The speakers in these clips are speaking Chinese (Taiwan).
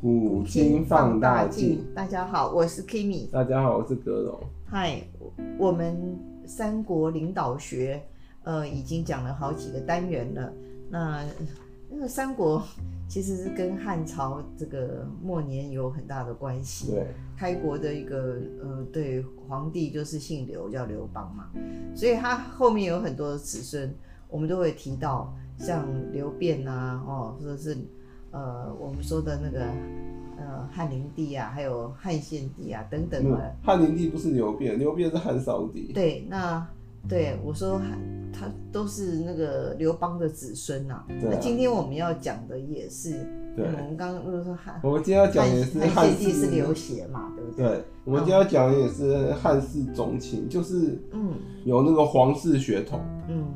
古今放大鏡。大家好，我是 Kimi。大家好，我是格龍。嗨，我們三國領導學，呃，已經講了好幾個單元了。那那個三國其實是跟漢朝這個末年有很大的關係。對，開國的一個呃，對皇帝就是姓劉，叫劉邦嘛，所以他後面有很多的子孫，我們都會提到，像劉辯啊，哦，或者是。呃，我們說的那個，呃，漢靈帝啊，還有漢獻帝啊，等等的。嗯、漢靈帝不是劉辯，劉辯是漢少帝。對，那對，我說他,他都是那個劉邦的子孫吶、啊。啊、那今天我們要講的也是對、嗯、我們剛剛不是說漢，我們今天要講也是漢。獻帝是劉協嘛？對不對？對。我們今天要講的也是漢室宗親，就是嗯，有那個皇室血統，嗯。嗯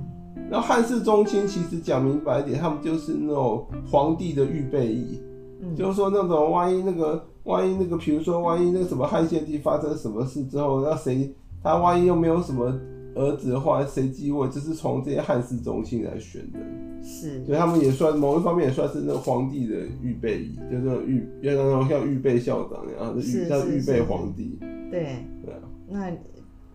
那漢室宗親其實講明白一點，他們就是那種皇帝的預備役，嗯，就是說那種萬一那個萬一那個，比如說萬一那個什麼漢獻帝發生什麼事之後，那誰他萬一又沒有什麼兒子的話，誰繼位就是從這些漢室宗親來選的，是，所以他們也算某一方面也算是那皇帝的預備役，就是預要那種像預備校長一樣，預像預備皇帝，對，對，那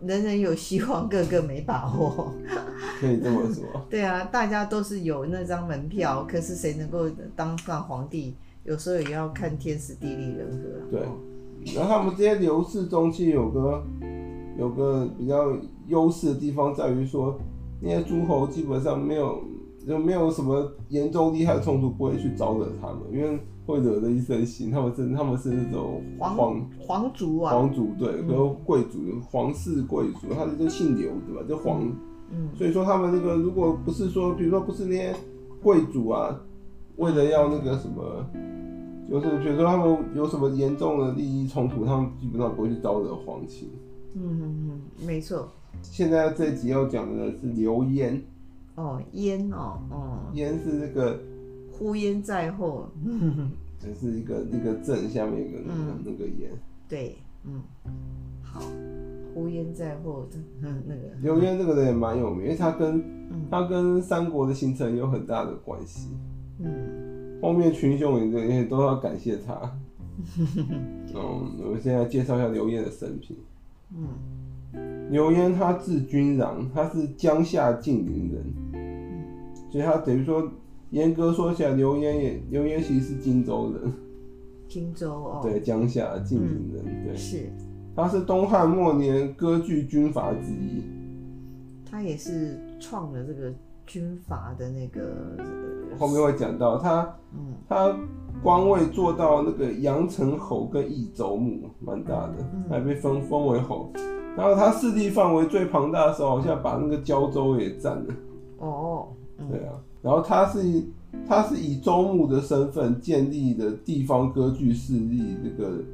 人人有希望，個個沒把握。 可以這麼說， 對啊，大家都是有那張門票，可是誰能夠當上皇帝，有時候也要看天時地利人和，啊。對，然後他們這些劉氏宗親有個有個比較優勢的地方在，在於說那些諸侯基本上沒有就沒有什麼嚴重厲害的衝突，不會去招惹他們，因為會惹得一身腥。他們是他們是那種皇皇，皇族啊，皇族對，和貴族，嗯，皇室貴族，他們就姓劉對吧？就皇。嗯嗯，所以說他們那個，如果不是說，比如說不是那些貴族啊，為了要那個什麼，就是比如說他們有什麼嚴重的利益衝突，他們基本上不會去招惹皇親、嗯。嗯嗯嗯，沒錯。現在這集要講的是劉焉。哦，焉哦，哦，焉是那個呼焉在後，就是一個那個鎮下面一個、嗯、那個那個焉。對，嗯，好。劉焉在後的，嗯，那個劉焉這個人也蠻有名，因為他跟、嗯、他跟三國的形成有很大的關係。嗯、後面群雄也都要感謝他。嗯， so, 我們現在介紹一下劉焉的生平。嗯，劉焉他字君郎，他是江夏竟陵人，所以他等於說嚴格說起來，劉焉也劉焉其實是荊州人。荊州哦。對，江夏竟陵人，嗯、對是。他是東漢末年割據軍閥之一，他也是創了這個軍閥的那個。後面會講到他，嗯、他官位做到那個陽城侯跟益州牧，蠻大的，還被封封為侯。然後他勢力範圍最龐大的時候，好像把那個交州也佔了。哦，嗯、對啊。然後他是他是以州牧的身份建立的地方割據勢力，這個。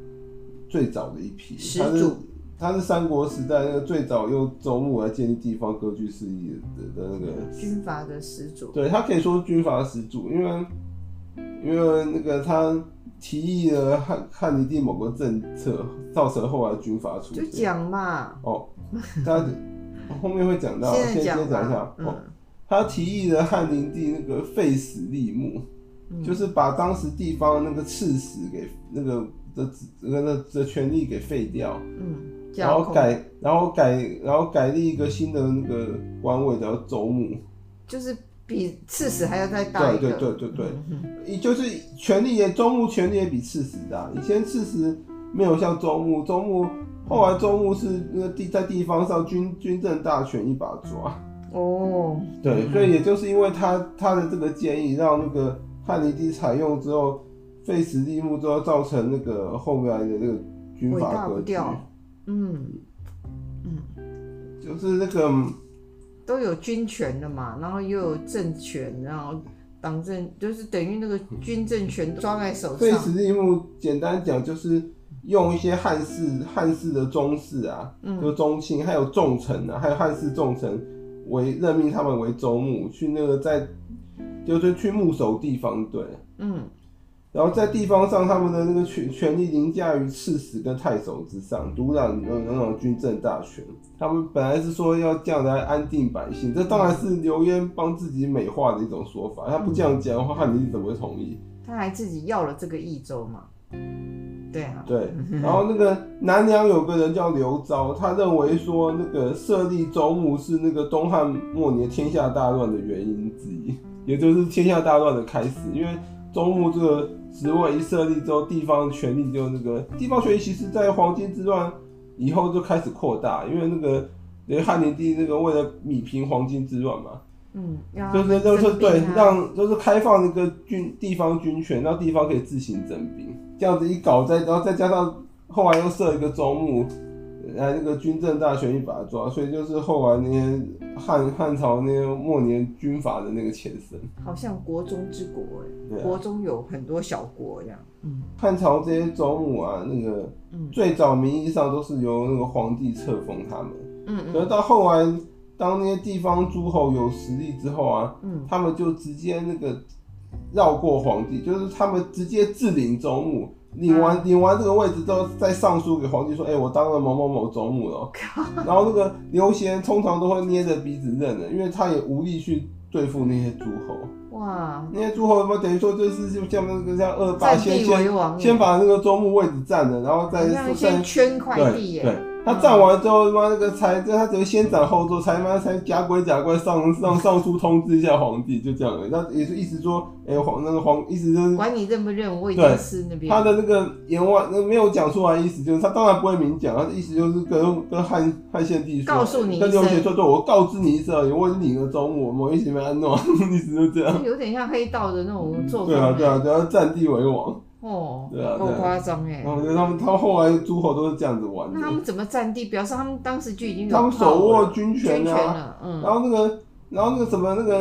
最早的一批祖他是他是三國時代那個最早用州牧來建立地方割據勢力的那個、嗯、軍閥的始祖。對，他可以說是軍閥始祖，因為因為那個他提議了漢漢靈帝某個政策，造成後來軍閥出現就講嘛。哦，他 後面會講到，先先講一下。嗯、哦，他提議了漢靈帝那個廢史立牧，嗯、就是把當時地方的那個刺史給那個。這這那這權力給廢掉，嗯，然後改，然後改，然後改立一個新的那個官位叫州牧，就是比刺史還要再大一個，對，對對對對對，嗯、哼也就是權力也，州牧權力也比刺史大，以前刺史沒有像州牧，州牧後來州牧是地在地方上軍軍政大權一把抓，哦，對，嗯、哼所以也就是因為他他的這個建議讓那個漢靈帝採用之後。廢史立牧之後，造成那個後面的這個軍閥割據。嗯嗯，就是那個都有軍權的嘛，然後又有政權，然後黨政就是等於那個軍政權抓在手上。廢史立牧簡單講就是用一些漢室、漢室的宗室啊，就宗親，還有重臣啊，還有漢室重臣為任命他們為州牧，去那個在就是去牧守地方，對，嗯。然後在地方上，他們的那個權權力凌駕於刺史跟太守之上，獨攬的那種軍政大權。他們本來是說要這樣來安定百姓，這當然是劉焉幫自己美化的一種說法。他不這樣講的話，漢靈帝怎麼會同意？嗯。他還自己要了這個益州嗎？對啊，對。 然後那個南梁有個人叫劉昭，他認為說那個設立州牧是那個東漢末年天下大亂的原因之一，也就是天下大亂的開始，因為州牧這個。職位一設立之後，地方權力就那個地方權力，其實，在黃巾之亂以後就開始擴大，因為那個漢靈帝那個為了弭平黃巾之亂嘛，嗯，就是就是對，讓就是開放一個軍地方軍權，讓地方可以自行徵兵，這樣子一搞，再然後再加上後來又設一個州牧。哎，來那個軍政大權一把抓，所以就是後來那些漢漢朝那些末年軍閥的那個前身，好像國中之國哎，啊、國中有很多小國一樣，嗯，漢朝這些州牧啊，那個、嗯、最早名義上都是由那個皇帝冊封他們，嗯，嗯，可是到後來當那些地方諸侯有實力之後啊，嗯，他們就直接那個繞過皇帝，就是他們直接自領州牧。領完領完這個位置之後，再上書給皇帝說，哎、欸，我當了某某某州牧了。God. 然後那個劉協通常都會捏着鼻子認的，因為他也無力去對付那些諸侯。哇，Wow. 那些諸侯有沒有等於說就是就像那個像惡霸？先先先把那個州牧位置佔了，然後再先圈塊地耶。對對嗯、他佔完之後，媽那個才，他只會先斬後奏，才他才假鬼假怪上上上書通知一下皇帝，就這樣的。那也是意思說，哎、欸，皇那個皇意思就是管你認不認我，我已經是那邊。他的那個言外、那個、沒有講出來，意思就是他當然不會明講，他的意思就是跟跟漢漢獻帝說，告訴你一聲，跟劉協說，我告知你一聲，我為你，你的招募，我有些沒安弄， 意思就這樣。有點像黑道的那種做法、嗯啊，對啊，對啊，就要、是、佔地為王。哦，對啊，夠誇張哎！耶然後覺得他們，他們後來諸侯都是這樣子玩的。那他們怎麼占地？表示他們當時就已經有了。他們手握了軍權啊。權了嗯、然後那個，然後那個什麼，那個，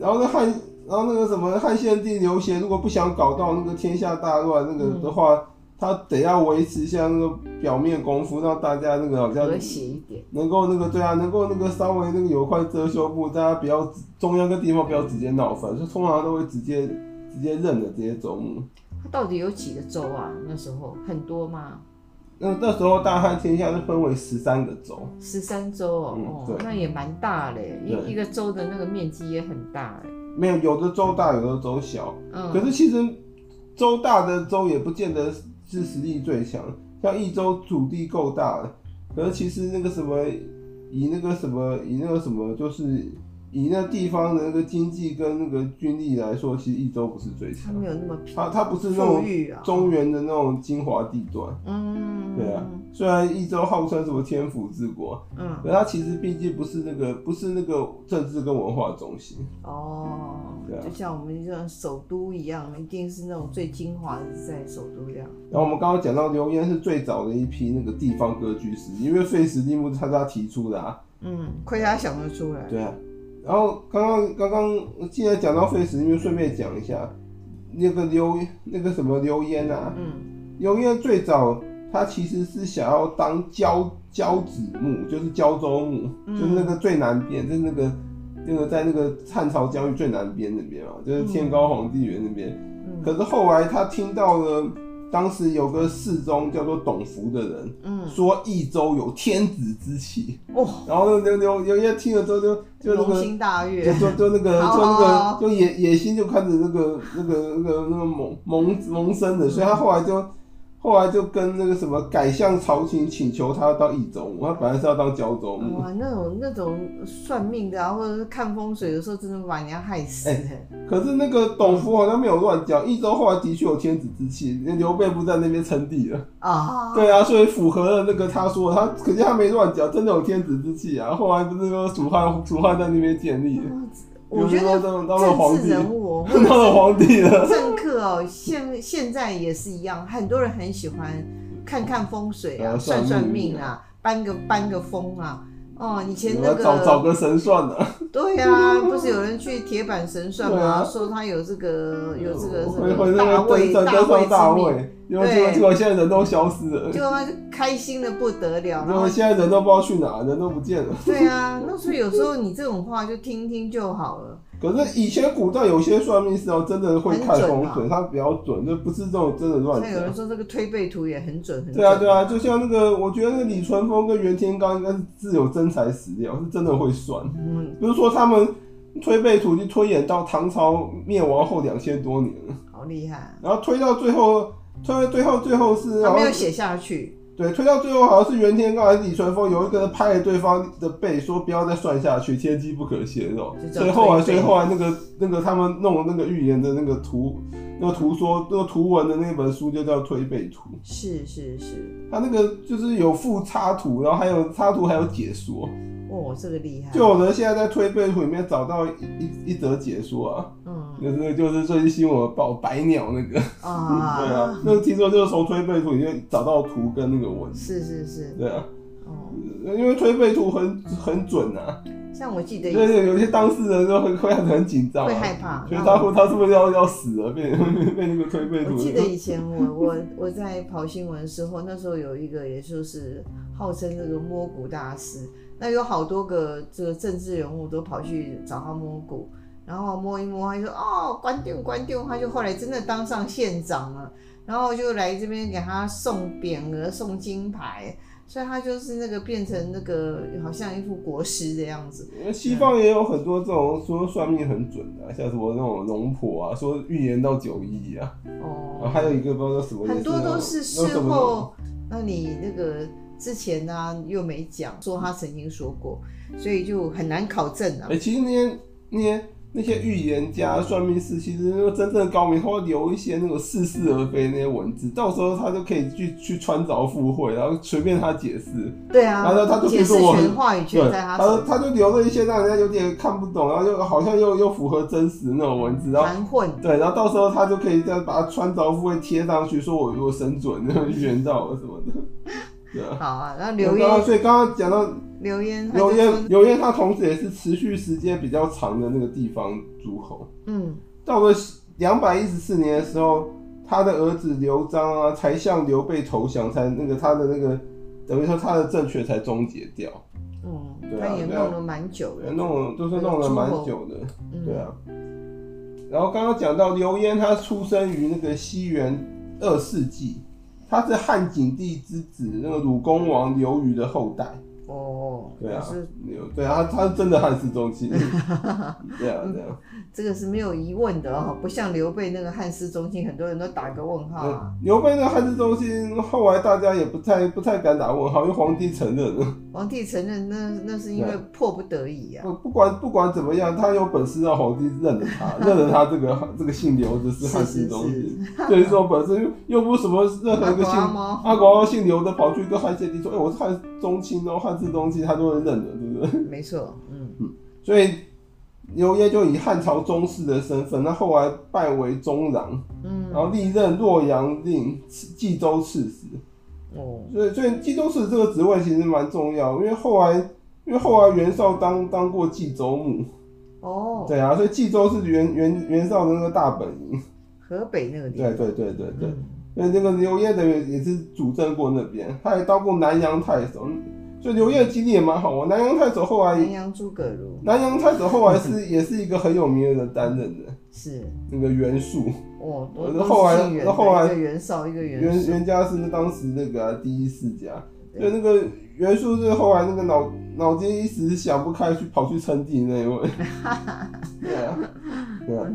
然後那漢，然後那個什麼漢獻帝劉協，如果不想搞到那個天下大亂那個的話，嗯、他得要維持一下那個表面功夫，讓大家那個好像和諧一點，能夠那個對啊，能夠那個稍微那個有塊遮羞布，大家不要中央跟地方不要直接鬧翻，嗯、就通常都會直接直接認的這些宗。到底有幾個州啊？那時候很多嗎？那、嗯、那時候大漢天下是分為十三個州。十三州哦，嗯、那也蠻大嘞，一對一個州的那個面積也很大。欸、沒有，有的州大，有的州小。嗯、可是其實州大的州也不見得是實力最強，像益州土地夠大了，可是其實那個什麼，以那個什麼，以那個什麼，就是。以那地方的那個經濟跟那個軍力來說，其實益州不是最強的。它它，它不是那種中原的那種精華地段。嗯。對啊，雖然益州號稱什麼天府之國，嗯，但它其實畢竟不是那個不是那個政治跟文化中心。哦，對啊，就像我們像首都一樣，一定是那種最精華的在首都一樣。然後我們剛剛講到劉焉是最早的一批那個地方割據勢力，因為廢史立牧他是他提出的啊。嗯，虧他想得出來。對啊。然後剛剛剛剛我記得講到廢史，就順便講一下那個劉那個什麼劉焉吶、啊。嗯。劉焉最早他其實是想要當交交趾牧，就是交州牧，嗯、就是那個最南邊，就是那個那個在那個漢朝疆域最南邊那邊嘛，就是天高皇帝遠那邊。嗯、可是後來他聽到了。當時有個侍中叫做董福的人，嗯、說益州有天子之氣，哦、然後那那那有些聽了之後就就就就，就那個就，就那個就野 野心就開始那個 那個那個那個萌萌萌生的，嗯、所以他後來就。後來就跟那個什麼改向朝廷請求，他要當益州，他本來是要當交州。哇，那種那種算命的，啊，或者是看風水的時候，真的把人家害死，欸欸。可是那個董福好像沒有亂講，益州後來的確有天子之氣，劉備不在那邊稱帝了啊。哦、對啊，所以符合了那個他說，他可是他沒亂講，真的有天子之氣啊。後來不是說蜀漢，蜀漢在那邊建立了。哦我覺得政治人物，我當了皇帝的政客哦，現現在也是一樣，很多人很喜歡看看風水啊，算算命啊，搬個搬個風啊。哦，以前那個找，找個神算的，對呀、啊，不是有人去鐵板神算嗎？啊、說他有這個有這個什麼大位大位之命，因為對，結果現在人都消失了，就開心的不得了。然後現在人都不知道去哪，人都不見了。對啊，那所以有時候你這種話就聽聽就好了。可是以前古代有些算命師哦、喔，真的會看風水，他，啊、比較準，就不是這種真的亂。那有人說這個推背圖也很準，很準。對啊，對啊，就像那個，嗯、我覺得那個李淳風跟袁天罡應該是自有真材實料，是真的會算。嗯。比如說他們推背圖就推演到唐朝滅亡後兩千多年，好厲害。然後推到最後，推到最後，最後是還沒有寫下去。對，推到最後好像是袁天罡還是李淳風，有一個拍了對方的背，說不要再算下去，天機不可洩露。所以後來，所以後來那個那個他們弄那個預言的那個圖，那個圖說那個圖文的那本書就叫《推背圖》是。是是是。他那個就是有附插圖，然後還有插圖還有解說。哇、哦，這個厲害！就我呢，現在在《推背圖》裡面找到一一則解說啊，嗯，那個、就是、就是最新我報白鳥那個啊， 對啊，那個聽說就是從《推背圖》裡面找到圖跟那個。是是是，對啊，哦，因為推背圖很很準啊、嗯，像我記得以前，對，對對，有些當事人都會會很緊張，緊張啊、會害怕，覺得他說後他是不是要要死了、啊，變變那個推背圖。我記得以前我 我我在跑新聞的時候，那時候有一個也就是號稱這個摸骨大師，那有好多個這個政治人物都跑去找他摸骨，然後摸一摸他就，他說哦，官定官定，他就後來真的當上縣長了。然後就來這邊給他送匾額、送金牌，所以他就是那個變成那個好像一副國師的樣子。西方也有很多這種、嗯、說算命很準的、啊，像什麼那種龍婆啊，說預言到九一一啊。哦、嗯。還有一個不知道什麼。很多都是事後，那你那個之前呢、啊、又沒講，說他曾經說過，所以就很難考證其、啊、哎、欸，其實那天那天那些預言家、算命師，其實那個真正的高明，他會留一些那種似是而非那些文字，到時候他就可以去去穿鑿附會，然後隨便他解釋。對啊，然後他就可以說我，我話在他身上他就，他就留了一些讓人家有點看不懂，然後又好像又又符合真實那種文字，然後混對，然後到時候他就可以再把它穿鑿附會貼上去，說我如果生準，然後預言到我什麼的。對 啊，好啊，那留意後留一。所以剛剛講到。劉焉，劉焉，劉焉，他同時也是持續時間比較長的那個地方諸侯。嗯，到了兩百一十四年的時候，他的兒子劉璋啊，才向劉備投降，才那個他的那個，等於說他的政權才終結掉。嗯，對啊，他也弄了蠻久的，弄了都是弄了蠻久的，對啊。然後剛剛講到劉焉，他出生於那個西元二世紀，他是漢景帝之子那個魯恭王劉餘的後代。哦， 對啊，對啊，他他是真的漢室宗親，對啊對啊，這個是沒有疑問的哈、哦，不像劉備那個漢室宗親，很多人都打個問號啊。劉、嗯、備那個漢室宗親，後來大家也不太不太敢打問號，因為皇帝承認了。皇帝承認那那是因為迫不得已啊。不，不管不管怎麼樣，他有本事讓皇帝認了他， 認了他這個這個姓劉的是漢室宗親。是是是 所以說本身又不是什麼任何一個姓阿廣姓劉的跑去跟漢獻帝說：“哎、欸，我是漢宗親哦，漢。”這東西他都會認的，對不對？沒錯，嗯嗯。所以劉焉就以漢朝宗室的身份，那後來拜為中郎，嗯，然後歷任洛陽令、冀州刺史。哦，所，所以所以冀州刺史這個職位其實蠻重要，因為後來因為後來袁紹當當過冀州牧。哦，對啊，所以冀州是袁袁袁紹的那個大本營，河北那個地方。對，對對對對對，嗯、所以這個劉焉等於也是主政過那邊，他也當過南陽太守。就劉焉的基地也蠻好啊。南陽太守後來，南陽諸葛廬。南陽太守後來是 也是一個很有名的人擔任的，是那個袁術。哦，我後來元那後來袁紹一個袁袁家是當時那個、啊、對第一世家。對就那個袁術是後來那個腦腦筋一時想不開去跑去稱帝那一位。 對啊，對啊。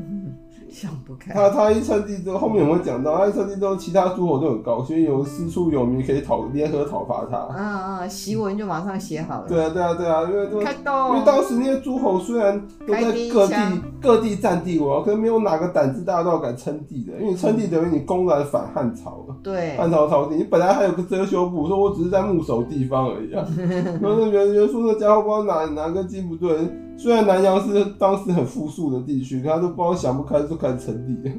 想不開。他他一稱帝之後，後面有沒有講到？他一稱帝之後，其他諸侯都很高興，所以有師出有名可以討聯合討伐他。嗯嗯，檄、嗯、文就馬上寫好了。對啊對啊對啊，因為這動因為當時那些諸侯雖然都在各地各地占地王，可是沒有哪個膽子大到敢稱帝的，因為你稱帝等於你公然反漢朝了。對、嗯，漢朝朝廷，你本來還有個遮羞布，說我只是在牧守地方而已啊。然後袁、袁術這傢伙不知道哪哪根筋不對。雖然南陽是當時很富庶的地區，他都不知道想不開就開始稱帝，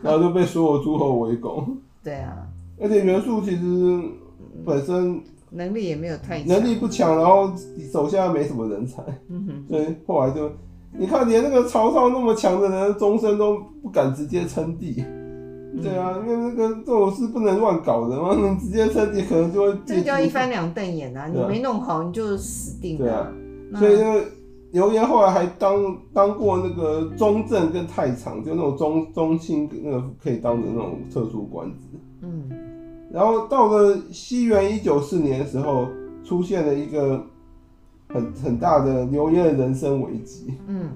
然後就被所有諸侯圍攻。 對啊，而且袁術其實本身能力也沒有太強，能力不強，然後手下沒什麼人才，嗯、哼所以後來就，你看連那個曹操那麼強的人，終身都不敢直接稱帝。對啊，嗯、因為那個這種事不能亂搞的然後能直接稱帝，可能就會這叫一翻兩瞪眼啊，啊你沒弄好你就死定了。對啊，那所以就。劉焉後來還當當過那個中正跟太常，就那種中中卿，那個可以當的那種特殊官職。嗯，然後到了西元一九四年的時候，出現了一個很很大的劉焉的人生危機。嗯，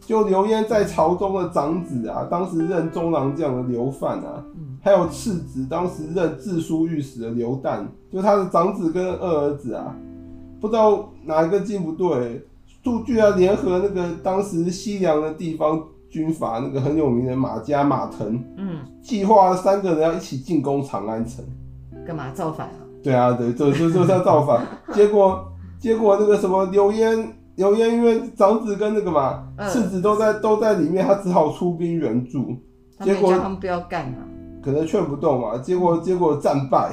就劉焉在朝中的長子啊，當時任中郎將的劉範啊，還有次子當時任治書御史的劉誕，就他的長子跟二兒子啊，不知道哪一個進不對。杜劇要聯合那個當時西涼的地方軍閥，那個很有名的馬家馬騰，嗯，計劃三個人要一起進攻長安城，幹嘛造反啊？對啊，對，對就就就是要造反。 結果結果那個什麼劉焉，劉焉因為長子跟那個嘛次、呃、子都在都在裡面，他只好出兵援助。啊、結果他們不要幹嘛？可能勸不動嘛。結果結果戰敗，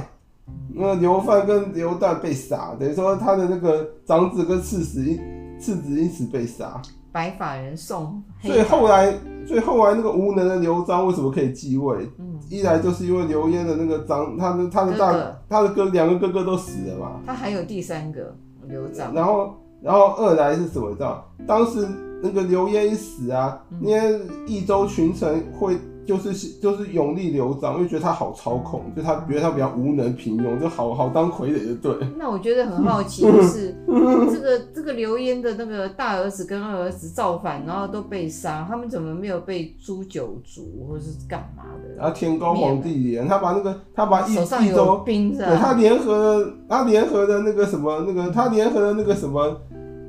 嗯、那劉範跟劉誕被殺，等於說他的那個長子跟次子一。次子因此被殺，白髮人送黑。所以後來，所以後來那個無能的劉璋為什麼可以繼位？嗯，一來就是因為劉焉的那個璋，他的他的大哥哥他的哥，兩個哥哥都死了嘛。他還有第三個劉璋。然後，然後二來是什麼？你知道？當時那個劉焉一死啊，嗯，因為益州群臣會就是就是擁立劉璋，因為覺得他好操控，就他覺得他比較無能平庸，就好好當傀儡的。對。那我覺得很好奇的，就是、 這個，這個這個劉焉的那個大兒子跟二兒子造反，然後都被殺，他們怎麼沒有被誅九族或者是干嘛的？他天高皇帝遠，他把那個他把益州，啊、對，他聯合了他聯合的那個什麼那個他聯合的那個什麼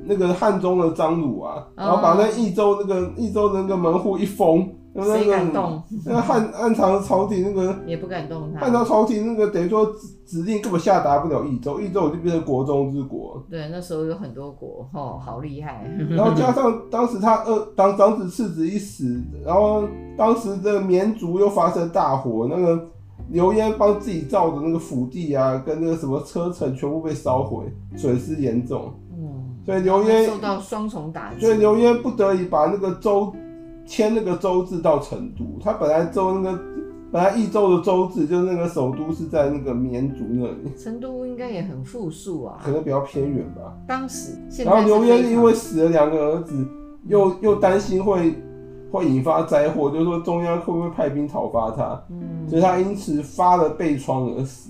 那個漢中的張魯啊，嗯、然後把那益州那個益州的那個門戶一封。誰、那個、敢動？那漢漢朝朝廷那個也不敢動他。漢朝朝廷那個等於說指指令根本下達不了益州，益州就變成國中之國。對，那時候有很多國，吼、哦，好厲害。然後加上當時他二當長子次子一死，然後當時的綿竹又發生大火，那個劉焉幫自己造的那個府邸啊，跟那個什麼車乘全部被燒毀，損失嚴重。嗯。所以劉焉受到雙重打擊。所以劉焉不得已把那個州。遷那個州治到成都，他本來州那個本來益州的州治就是那個首都是在那個綿竹那裡。成都應該也很富庶啊，可能比較偏遠吧、嗯。當時，然後劉焉因為死了兩個兒子，又又擔心會會引發災禍，就是、說中央會不會派兵討伐他？嗯、所以他因此發了背瘡而死。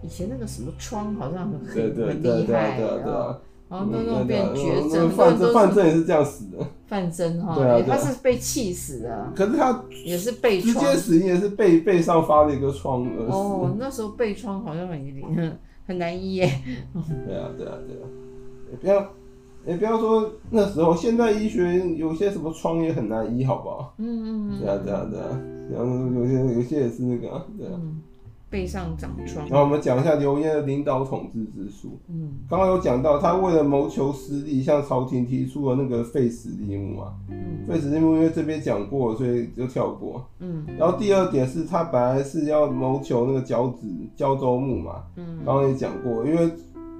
以前那個什麼瘡好像很黑、啊、很厲害哦。對啊對啊對啊。然後，那種變絕症，不過范增也是這樣死的。范增哈，對，他是被氣死的。可是他也是被直接死因，也是背背上發了一個瘡而死。哦，那時候背瘡好像很很難醫耶，對啊，對啊，對啊。也不要，也不要說那時候，現代醫學有些什麼瘡也很難醫，好不好？嗯嗯嗯。對啊，對啊，對啊。然後有些有些也是那個，對啊。背上長瘡。然後我們講一下劉焉的領導統治之術。嗯，剛剛有講到他為了謀求私利向朝廷提出了那個廢史立牧嘛。嗯，廢史立牧因為這邊講過，所以就跳過。嗯，然後第二點是他本來是要謀求那個交趾交州牧嘛。嗯，剛剛也講過，因為。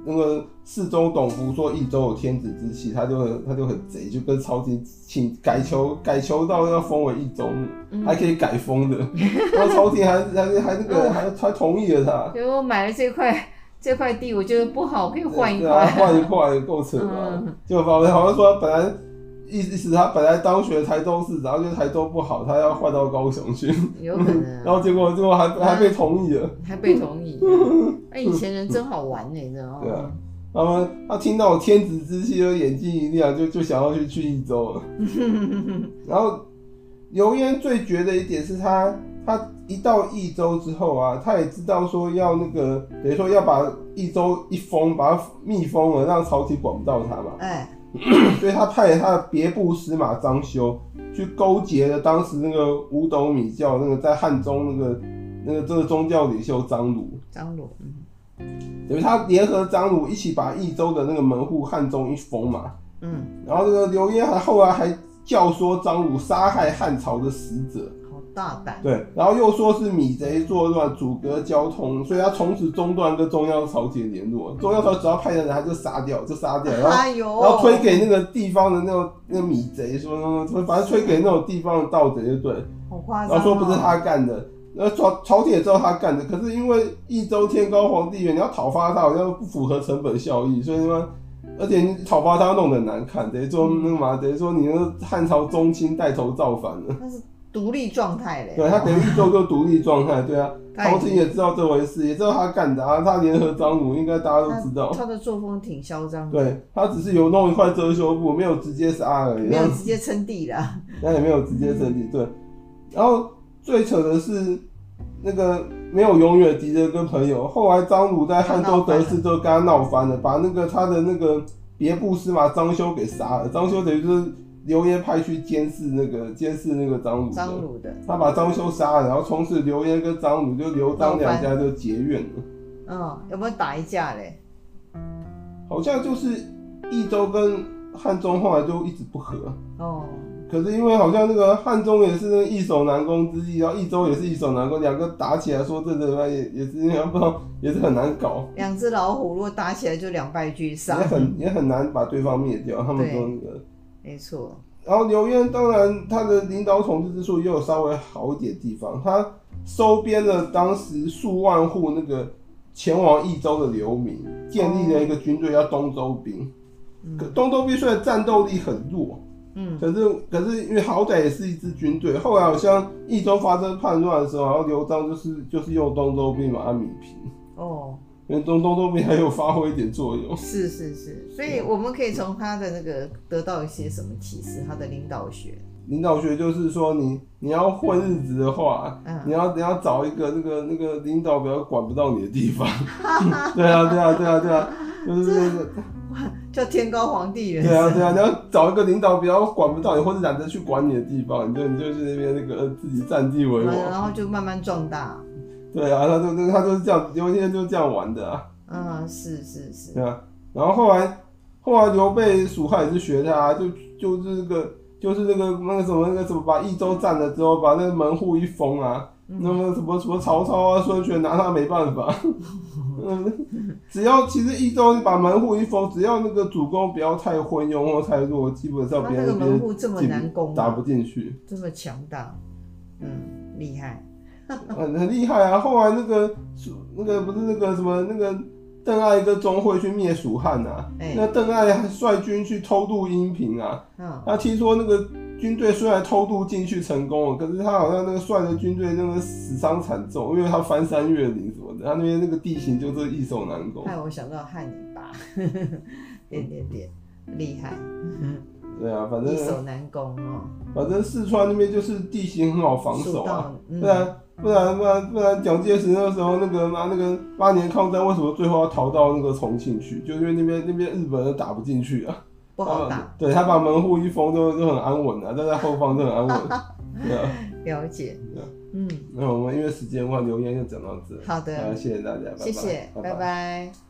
那個侍中董扶說益州有天子之氣，他就很他就很賊，就跟朝廷請改求改求到要封為益州牧，嗯、還可以改封的，然後、嗯、朝廷還 還還那個還、嗯、還同意了他。因為我買了這塊這塊地，我覺得不好，可以換一塊，換一塊也夠扯了。結果、啊嗯、好像說他本來。意思意思，他本來當選台州市長，然後就台州不好，他要換到高雄去，有可能、啊。 然後結果最後還那還被同意了，還被同意。哎、 欸，以前人真好玩呢、欸，你知道嗎？對啊，他後他聽到我天子之氣，就眼睛一亮，就就想要去去益州了。 然後劉焉最絕的一點是他，他一到益州之後啊，他也知道說要那個，等於說要把益州一封，把它密封了，讓朝廷管不到他嘛。哎、欸。 所以他派了他的別部司馬張修去勾結了當時那個五斗米教那個在漢中那個那個這個宗教領袖張魯。張魯，嗯，等於他聯合張魯一起把益州的那個門戶漢中一封嘛。嗯，然後這個劉焉還後來還教唆張魯殺害漢朝的使者。大膽。對，然後又說是米賊作亂，阻隔交通，所以他從此中斷跟中央朝廷聯絡。中央朝只要派的人，他就殺掉，就殺掉，嗯、然後、哎、呦然後推給那個地方的那個那個米賊什麼什麼，反正推給那種地方的盜賊就對。好誇張哦、然後說不是他幹的，那朝朝廷也知道他幹的，可是因為益州天高皇帝遠，你要討伐他好像不符合成本效益，所以說而且你討伐他弄得很難看，等於說那嘛，等於說你那漢朝宗親帶頭造反了，但是獨立狀態嘞，對，他等於是做個獨立狀態，哦、對啊，朝廷、啊、也知道這回事，也知道他幹的，啊。他聯合張魯，應該大家都知道，他，他的作風挺囂張的，對，他只是有弄一塊遮羞布，沒有直接殺而已，沒有直接稱帝的，那也沒有直接稱帝，嗯、對，然後最扯的是那個沒有永遠敵人跟朋友，後來張魯在漢中得勢之後跟他鬧翻了，把那個他的那個別部司馬張修給殺了，張修等於就是。劉焉派去監視那個監視那個張魯的，的他把張修殺了，然後從此劉焉跟張魯就劉張兩家就結怨了。嗯、哦，有沒有打一架嘞？好像就是益州跟漢中後來就一直不和。哦。可是因為好像那個漢中也是那易守難攻之地，然後益州也是易守難攻，兩個打起來說這這那也也是因為不知道也是很難搞。兩隻老虎如果打起來就兩敗俱傷，也很也很難把對方滅掉。他們說那個。沒錯，然後劉焉當然他的領導統治之處又有稍微好一點地方，他收編了當時數萬戶那個前往益州的流民，建立了一個軍隊叫東州兵。嗯、可東州兵雖然戰鬥力很弱，嗯，可是可是因為好歹也是一支軍隊，後來好像益州發生叛亂的時候，然後劉璋就是就是用東州兵把它敉平。哦。因為東東都沒還有發揮一點作用，是是是，所以我們可以從他的那個得到一些什麼啟示？他的領導學，領導學就是說你，你你要混日子的話，嗯，你要你要找一個那個那個領導比較管不到你的地方，對啊對啊對啊對啊，就是就是那個，叫天高皇帝遠，啊，對啊對啊，你要找一個領導比較管不到你或者懶得去管你的地方，你就你就去那邊那個自己占地為王，然後就慢慢壯大。對啊，他就他就是這樣，因為現在就是這樣玩的啊。啊、嗯，是是是。對啊，然後後來後來劉備蜀漢也是學他，啊，就就、這個、就是、這個就是那個那個什麼那個什麼把益州占了之後把那個門戶一封啊，嗯，那麼什麼什麼曹操啊孫權拿他沒辦法。嗯， 只要其實益州把門戶一封，只要那個主公不要太昏庸或太弱，基本上別人別人進不進去。這個門戶這麼難攻，打不進去。這麼強大，嗯，厲害。 嗯、很很厲害啊！後來那個那個不是那個什麼那個鄧艾跟鍾會去滅蜀漢啊？欸、那鄧艾率軍去偷渡陰平啊？哦、他聽說那個軍隊雖然偷渡進去成功了，可是他好像那個率的軍隊那個死傷慘重，因為他翻山越嶺什麼的，他那邊那個地形就是易守難攻。害我想到漢尼拔， 點點點厲害。 對啊，反正易守難攻哦。反正四川那邊就是地形很好防守啊，對、嗯、啊。不然不然不然，蔣介石那個時候那個媽那個八年抗戰，為什麼最後要逃到那個重慶去？就因為那邊那邊日本人打不進去啊，不好打。他對他把門戶一封都，就就很安穩啊，在在後方就很安穩。 啊、了解。啊、嗯，那、嗯、我們因為時間的話，留言就講到這。好的、啊，謝謝大家，謝謝，拜拜。拜拜拜拜